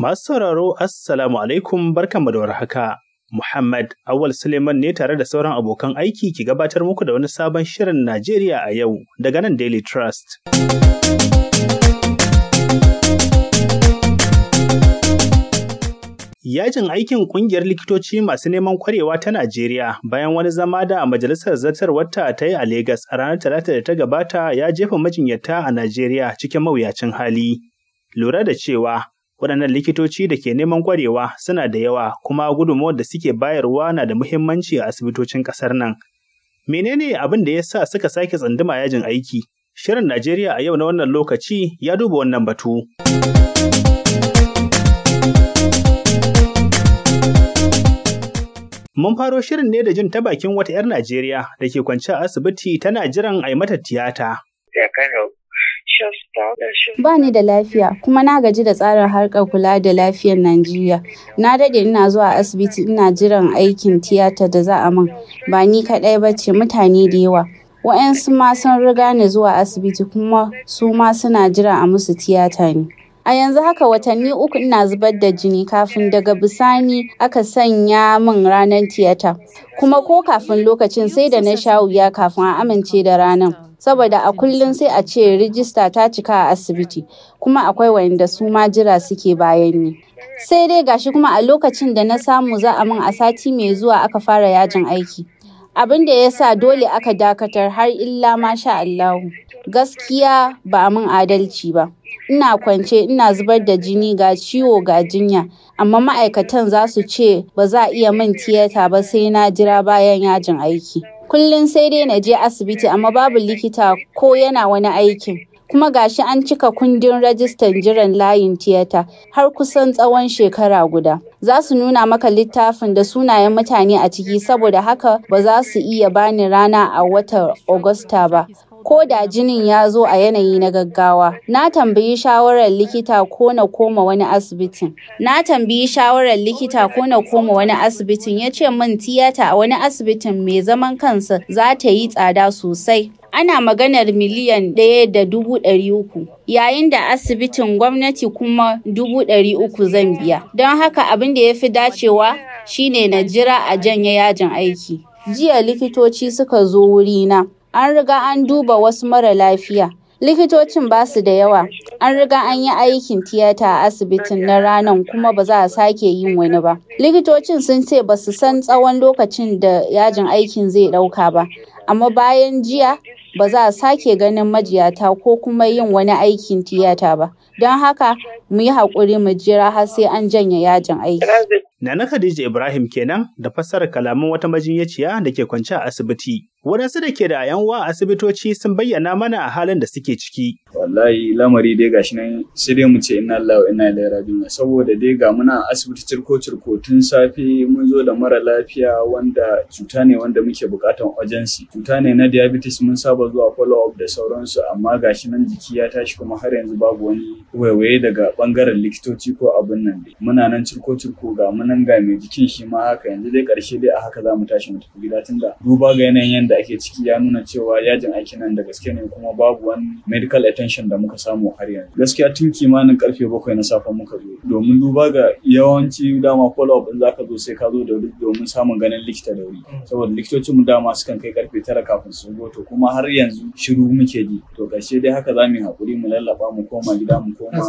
Masu sauraro Assalamu alaikum barkanmu da warhaka. Muhammad Awal Suleiman ne tare da sauran abokan aiki ki gabatar muku da wani sabon shirin Najeriya a yau daga nan Daily Trust. Yajin aikin kungiyar likitoci masu neman kwarewa ta Najeriya bayan wani zama da majalisar wata ta yi a Legas a ranar Talata da ta gabata ya jefa majinyata a Najeriya cikin mawuyacin hali. Lura da cewa Waɗannan likitoci da ke neman ƙwarewa suna da yawa kuma gudunmawar da suke bayarwa na da muhimmanci a asibitocin ƙasar nan. Menene abin da ya sa suka sake tsanduma yajin aiki? Shirin Najeriya a yau na wannan lokaci ya duba wannan batu. Mun faro shirin ne da jin ta bakin wata 'yar Najeriya da ke kwance a asibiti tana jiran a yi mata tiyata. Ba ni da lafiya kuma na gaji da tsarin harkar kula da lafiyar Najeriya. Na dade ina zuwa asibiti ina jiran aikin tiyata da za a min. Ba ni kaɗai ba ce mutane da yawa. Wa'yansu ma sun riga ni zuwa asibiti kuma su ma suna jira a musu tiyata ne. A yanzu haka watanni uku ina zubar da jini kafin daga bisani aka sanya min ranar tiyata. Kuma ko kafin lokacin sai da na sha wuya kafin a amince da ranar. saboda a kullum sai a ce rijista ta cika a asibiti kuma akwai wanda su ma jira suke bayan ni sai dai gashi kuma a lokacin da na samu za a min a sati mai zuwa aka fara yajin aiki abin da ya sa dole aka dakatar har illa ma sha Allahu gaskiya ba a min adalci ba ina kwance ina zubar da jini ga ciwo ga jinya amma ma'aikatan za su ce ba za a iya min tiyata ba sai na jira bayan yajin aiki Kullum sai dai na je asibiti amma babu likita ko yana wani aikin. Kuma gashi an cika kundin rajistan jiran layin tiyata har kusan tsawon shekara guda. Za su nuna maka littafin da sunayen mutane a ciki saboda haka ba za su iya bani rana a watan Agusta ba. ko da jinin ya zo a yanayi na gaggawa. Na tambayi shawarar likita ko na koma wani asibitin. Na tambayi shawarar likita ko na koma wani asibitin ya ce min tiyata a wani asibitin mai zaman kansa za ta yi tsada sosai. Ana maganar miliyan ɗaya da dubu ɗari uku, yayin da asibitin gwamnati kuma dubu ɗari uku zan biya. Don haka abin da ya fi dacewa shine na jira a janye yajin aiki. Jiya likitoci suka zo wurina. an riga an duba wasu mara lafiya likitocin ba su da yawa an riga an yi aikin tiyata a asibitin na ranan kuma ba za a sake yin wani ba likitocin sun ce ba su san tsawon lokacin da yajin aikin zai ɗauka ba amma bayan jiya ba za a sake ganin majiyata ko kuma yin wani aikin tiyata ba don haka mu yi haƙuri mu jira har sai an janye yajin aiki. Nana Khadija Ibrahim kenan da fassarar kalaman wata majinyaciya da ke kwance a asibiti. Waɗansu da ke da yanwa a asibitoci sun bayyana mana a halin da suke ciki. Wallahi lamari dai gashi nan sai dai mu ce ina Allah wa inna ilaihi raji'un saboda dai ga muna asibiti cirko cirko tun safe mun zo da mara lafiya wanda cuta ne wanda muke bukatan urgency cuta ne na diabetes mun saba zuwa follow up da sauransu amma gashi nan jiki ya tashi kuma har yanzu babu wani waiwaye daga bangaren likitoci ko abin nan dai muna nan cirko cirko ga munan ga mai jikin shi ma haka yanzu dai karshe dai a haka za mu tashi mu tafi gida tunda duba ga yanayin da ake ciki ya nuna cewa yajin aiki nan da gaske ne kuma babu wani medical attention da muka samu har yanzu gaskiya tun kimanin karfe bakwai na safe muka zo domin duba ga yawanci dama follow up in zaka zo sai ka zo da wuri domin samun ganin likita da wuri mm. saboda likitocin mu dama sukan kai karfe tara kafin su zo to kuma har yanzu shiru muke ji to ƙarshe dai haka za mu yi hakuri mu lallaba mu koma gida mu koma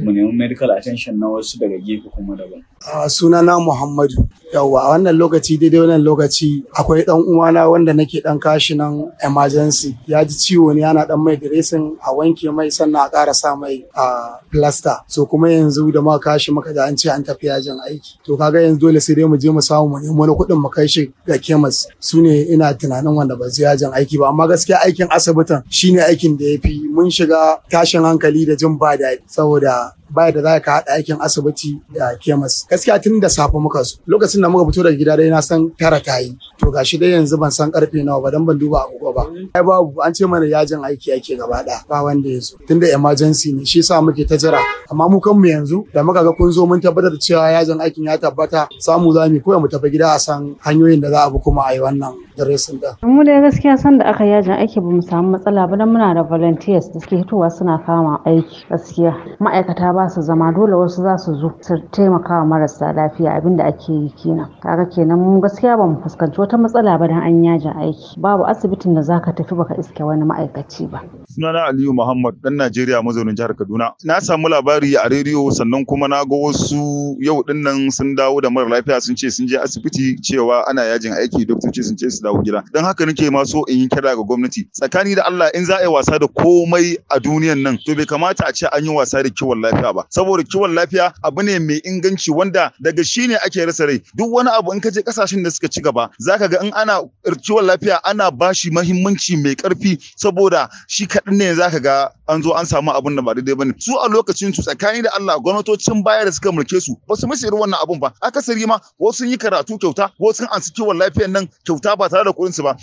mu nemi medical attention na wasu daga gefe kuma daban sunana Muhammadu yawwa a wannan lokaci daidai wannan lokaci akwai dan uwana wanda nake wanke dan kashi nan emergency ya ji ciwo ne yana dan mai dressing a wanke mai sannan a ƙara sa mai a plaster so kuma yanzu da ma kashi maka da an ce an tafi yajin aiki to kaga yanzu dole sai dai mu je mu samu mu nemo wani kuɗin mu kai shi ga kemis su ne ina tunanin wanda ba zai yajin aiki ba amma gaskiya aikin asibitin shine aikin da ya fi mun shiga tashin hankali da jin ba daɗi saboda Ba da za ka haɗa aikin asibiti da kemis gaskiya tun da safe muka so lokacin da muka fito daga gida dai na san tara ta yi to gashi dai yanzu ban san karfe nawa ba dan ban duba agogo ba ai babu an ce mana yajin aiki ake gaba da ba wanda ya zo tunda emergency ne shi yasa muke ta jira amma mu kanmu yanzu da muka ga kun zo mun tabbatar da cewa yajin aikin ya tabbata samu za mu koya mu tafi gida a san hanyoyin da za a bi kuma a yi wannan dressing da mu dai gaskiya san da aka yajin aiki ba mu samu matsala ba dan muna da volunteers da suke hitowa suna kama aiki gaskiya ma'aikata ba ba su zama dole wasu za su zo su taimaka wa marasa lafiya abin da ake yi kenan kaga kenan mu gaskiya ba mu fuskanci wata matsala ba dan an yajin aiki babu asibitin da zaka tafi baka iske wani ma'aikaci ba sunana Aliyu Muhammad dan Najeriya mazaunin jihar Kaduna na samu labari a rediyo sannan kuma na ga wasu yau din nan sun dawo da mara lafiya sun ce sun je asibiti cewa ana yajin aiki doktoci sun ce su dawo gida dan haka nake ma so in yi kira ga gwamnati tsakani da Allah in za a yi wasa da komai a duniyan nan to bai kamata a ce an yi wasa da kiwon lafiya ba saboda kiwon lafiya abu ne mai inganci wanda daga shi ne ake rasa rai duk wani abu in ka je kasashen da suka ci gaba zaka ga in ana kiwon lafiya ana bashi mahimmanci mai karfi saboda shi kaɗan ne zaka ga an zo an samu abun da ba daidai bane su a lokacin su tsakani da Allah gwamnatocin baya da suka mulke su ba su musu irin wannan abun ba Aka akasari ma wasu sun yi karatu kyauta wasu sun ansa kiwon lafiyan nan kyauta ba tare da kuɗin su ba.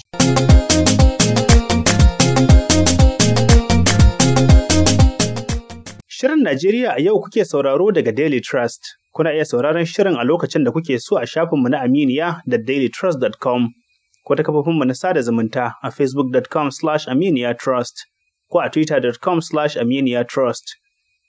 Shirin Najeriya a yau kuke sauraro daga Daily Trust. Kuna iya sauraron shirin a lokacin da kuke so a shafinmu na Aminiya da dailytrust.com ko ta kafofinmu na sada zumunta a facebook.com slash aminiyatrust ko a twitter.com slash aminiyatrust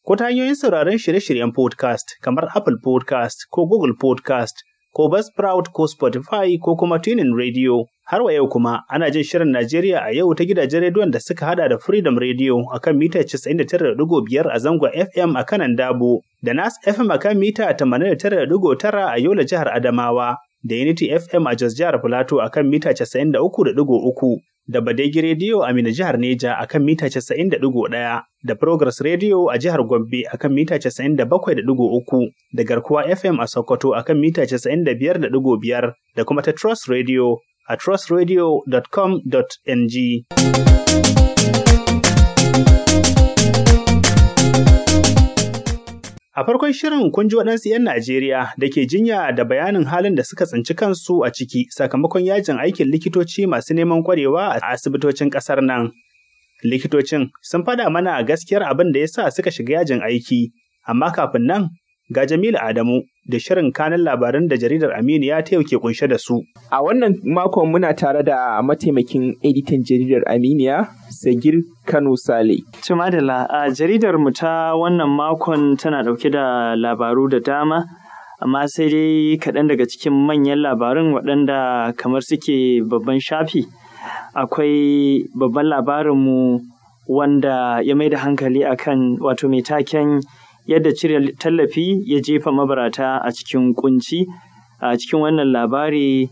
ko ta hanyoyin sauraron shirye-shiryen podcast kamar Apple podcast ko Google podcast ko Buzzsprout ko Spotify ko kuma Tunin Radio. Har wa yau kuma ana jin shirin Najeriya a yau ta gidajen rediyon da suka hada da Freedom Radio a kan mita 99.5 a zangon FM a kanan Dabo, da Nas FM a kan mita 89.9 a Yola jihar Adamawa, da Unity FM a Jos jihar Filato a kan mita 93.3. da Badegi Radio a Mina jihar Neja a kan mita 90.1 da Progress Radio a jihar Gombe a kan mita 97.3 da Garkuwa FM a Sokoto a kan mita 95.5 da kuma ta Trust Radio a trustradio.com.ng. A farkon shirin kun ji waɗansu 'yan Najeriya da ke jinya da bayanin halin da suka tsinci kansu a ciki sakamakon yajin aikin likitoci masu neman kwarewa a asibitocin ƙasar nan. Likitocin sun faɗa mana gaskiyar abin da ya sa suka shiga yajin aiki, amma kafin nan ga Jamilu Adamu da shirin kanin labaran da jaridar Aminiya ta yau ke kunshe da su. A wannan makon muna tare da mataimakin editan jaridar Aminiya, Sagir Kano Sale. Tumadala, a jaridar mu ta wannan makon tana ɗauke da labaru da dama. Amma sai dai kaɗan daga cikin manyan labarun waɗanda kamar suke babban shafi. Akwai babban labarinmu wanda ya mai da hankali akan wato mai taken yadda cire tallafi ya jefa mabarata a cikin kunci a cikin wannan labari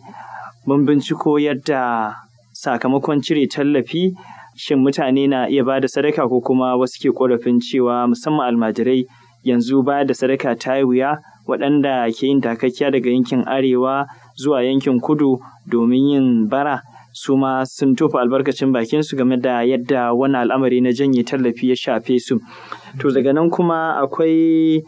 mun binciko yadda sakamakon cire tallafi shin mutane na iya ba da sadaka ko kuma wasu ke korafin cewa musamman almajirai yanzu ba da sadaka ta wuya waɗanda ke yin takakkiya daga yankin arewa zuwa yankin kudu domin yin bara su ma sun tofa albarkacin bakin su game da yadda wani al'amari na janye tallafi ya shafe su to daga nan kuma akwai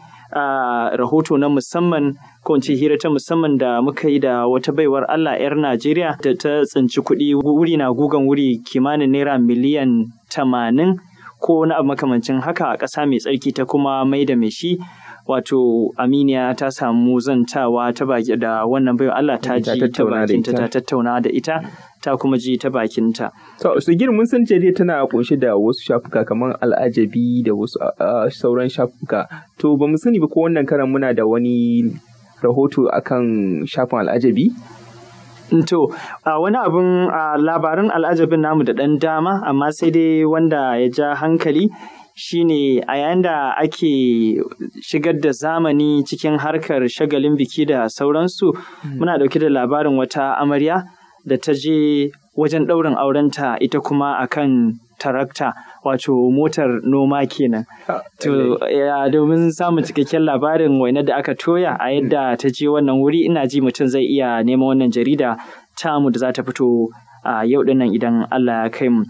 rahoto na musamman ko hira ta musamman da muka yi da wata baiwar Allah 'yar Najeriya da ta tsinci kuɗi wuri na gugan wuri kimanin naira miliyan tamanin ko wani abu makamancin haka a ƙasa mai tsarki ta kuma mai da mai shi wato aminiya ta samu zantawa ta baki da wannan baiwa Allah ta ji ta ta tattauna da ita ta kuma ji ta bakinta. To, so, Sigir mun san jere tana kunshe da wasu shafuka kamar al'ajabi da wasu sauran shafuka. To, ba mu sani ba ko wannan karan muna da wani rahoto akan shafin al'ajabi? Mm, to, a wani abin labarin al'ajabin namu da ɗan dama, amma sai dai wanda ya ja hankali shine a yayin da ake shigar da zamani cikin harkar shagalin biki da sauransu, mm. muna ɗauke da labarin wata amarya. da ta je wajen ɗaurin aurenta ita kuma akan tarakta wato motar noma kenan. To domin samun cikakken labarin waina da aka toya a yadda ta je wannan wuri ina ji mutum zai iya neman wannan jarida tamu da za ta fito a yau dinnan idan Allah ya kai mu.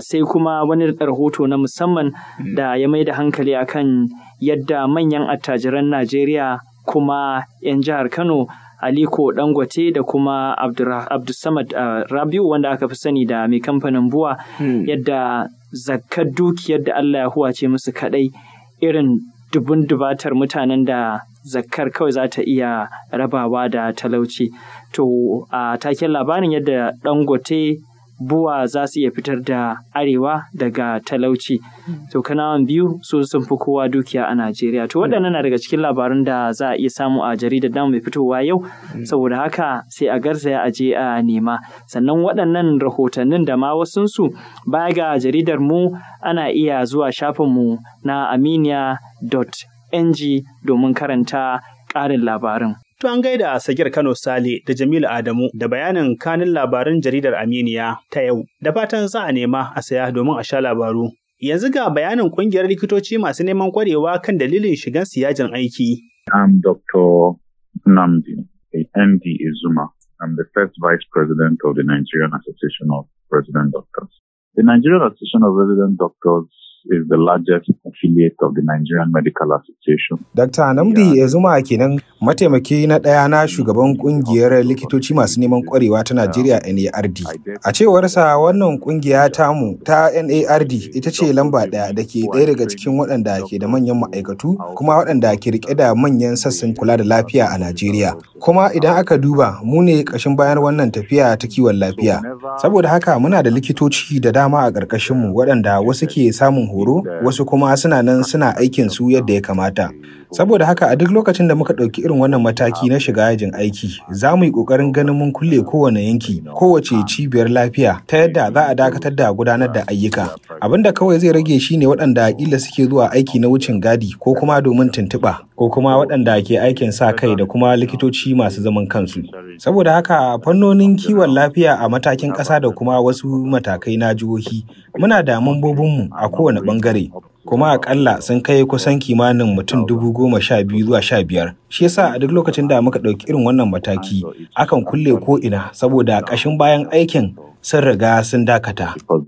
Sai kuma wani rahoto na musamman da hmm. ya mai da hankali akan yadda manyan attajiran Najeriya kuma 'yan jihar Kano Aliko Dangote da kuma Abdulsamad uh, Rabiu wanda aka fi sani da mai kamfanin buwa hmm. yadda zakkar dukiyar da Allah ya huwace musu kadai irin dubun dubatar mutanen da zakkar kawai za ta iya rabawa da talauci. To a taken labarin yadda Dangote buwa za su iya fitar da arewa daga talauci hmm. to kanawan biyu su sun fi kowa dukiya a najeriya to waɗannan na daga cikin labarun da za a iya samu a jaridar da mai fitowa yau hmm. saboda haka sai a garzaya a je a nema sannan waɗannan rahotannin da ma wasunsu baya ga jaridar mu ana iya zuwa shafinmu na aminiya.ng domin karanta ƙarin labarin To an gaida a Sagir Kano Sale da Jamilu Adamu da bayanin kanin labaran jaridar Aminiya ta yau. Da fatan za a nema a saya domin a sha labaru. Yanzu ga bayanin kungiyar likitoci masu neman kwarewa kan dalilin shigan siyajin aiki. I'm Dr. Namdi, MD Izuma. I'm the first vice president of the Nigerian Association of Resident Doctors. The Nigerian Association of Resident Doctors is the largest affiliate of the Nigerian Medical Association. Dr. Namdi zuma kenan mataimaki na ɗaya na shugaban kungiyar likitoci masu neman kwarewa ta Najeriya NARD. A cewarsa wannan kungiya tamu ta NARD ita ce lamba ɗaya da ke ɗaya daga cikin waɗanda ke da manyan ma'aikatu kuma waɗanda ke rike da manyan sassan kula da lafiya a Najeriya. Kuma idan aka duba mu ne ƙashin bayan wannan tafiya ta kiwon lafiya. Saboda haka muna da likitoci da dama a ƙarƙashinmu waɗanda wasu ke samun horo, wasu kuma suna nan suna aikin su yadda ya kamata. Saboda haka a duk lokacin da muka ɗauki irin wannan mataki na shiga yajin aiki, za mu yi ƙoƙarin ganin mun kulle kowane yanki, kowace cibiyar lafiya ta yadda za a dakatar da gudanar da ayyuka. Abin da kawai zai rage shi ne waɗanda ƙila suke zuwa aiki na wucin gadi ko kuma domin tuntuɓa, ko kuma waɗanda ke aikin sa kai da kuma likitoci masu zaman kansu. Saboda haka fannonin kiwon lafiya a matakin ƙasa da kuma wasu matakai na jihohi muna da mambobinmu a kowane ɓangare. kuma akalla sun kai kusan kimanin mutum dubu goma sha biyu zuwa sha biyar shi yasa a duk lokacin da muka ɗauki irin wannan mataki akan kulle ko ina saboda ƙashin bayan aikin sun riga sun dakata. Uh,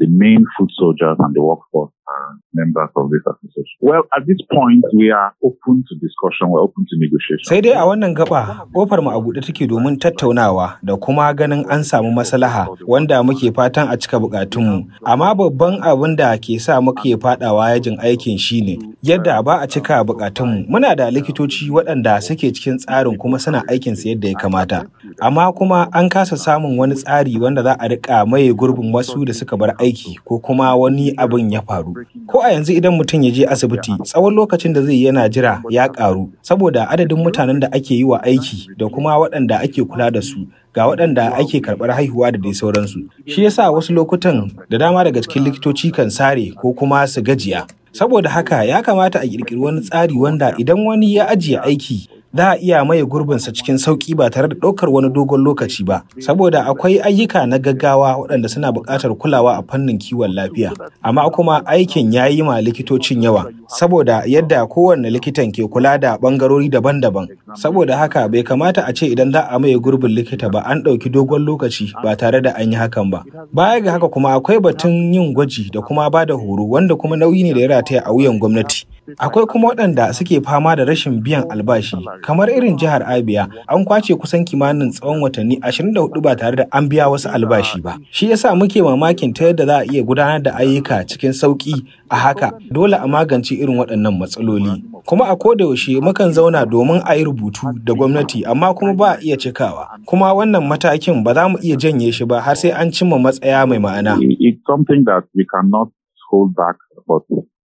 Sai dai a wannan gaba, kofar mu a buɗe take domin tattaunawa da kuma ganin an samu maslaha wanda muke fatan a cika bukatunmu. Amma babban abin da ke sa muke fadawa yajin aikin shine yadda ba a cika bukatunmu. Muna da likitoci waɗanda suke cikin tsarin kuma suna aikin yadda ya kamata. Amma kuma an kasa samun wani tsari wanda za a riƙa maye gurbin wasu da suka bar aiki ko kuma wani abin ya faru. Ko a yanzu idan mutum ya je asibiti tsawon lokacin da zai yana jira ya ƙaru saboda adadin mutanen da ake yi wa aiki da kuma waɗanda ake kula da su ga waɗanda ake karɓar haihuwa da dai sauransu. Shi yasa wasu lokutan da dama daga cikin likitoci kan sare ko kuma su gajiya. Saboda haka ya kamata a ƙirƙiri wani tsari wanda idan wani ya ajiye aiki da a iya maye gurbinsa cikin sauƙi ba tare da ɗaukar wani dogon lokaci ba saboda akwai ayyuka na gaggawa waɗanda suna buƙatar kulawa a fannin kiwon lafiya amma kuma aikin ya yi ma likitocin yawa saboda yadda kowanne likitan ke kula da ɓangarori daban-daban saboda haka bai kamata a ce idan za a maye gurbin likita ba an ɗauki dogon lokaci ba tare da an yi hakan ba baya ga haka kuma akwai batun yin gwaji da kuma ba da horo wanda kuma nauyi ne da ya rataya a wuyan gwamnati Akwai kuma waɗanda suke fama da rashin biyan albashi, kamar irin jihar Abia, an kwace kusan kimanin tsawon watanni 24 ba tare da an biya wasu albashi ba. Shi yasa muke mamakin ta yadda za a iya gudanar da ayyuka cikin sauƙi a haka dole a magance irin waɗannan matsaloli. Kuma a yaushe mukan zauna domin a yi rubutu da gwamnati amma kuma ba a iya cikawa. Kuma wannan matakin ba za mu iya janye shi ba har sai an cimma matsaya mai ma'ana. something cannot hold back,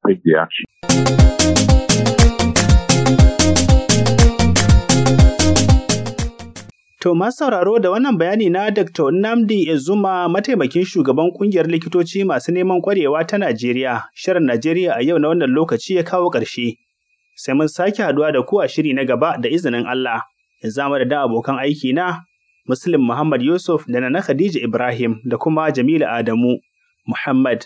pediatra. To sauraro da wannan bayani na Dr. Namdi Ezuma mataimakin shugaban kungiyar likitoci masu neman kwarewa ta Najeriya, shirin Najeriya a yau na wannan lokaci ya kawo ƙarshe. Sai mun sake haduwa da ku a shiri na gaba da izinin Allah. ya zama da abokan aiki na Muslim Muhammad Yusuf da na Khadija Ibrahim da kuma Jamilu Adamu Muhammad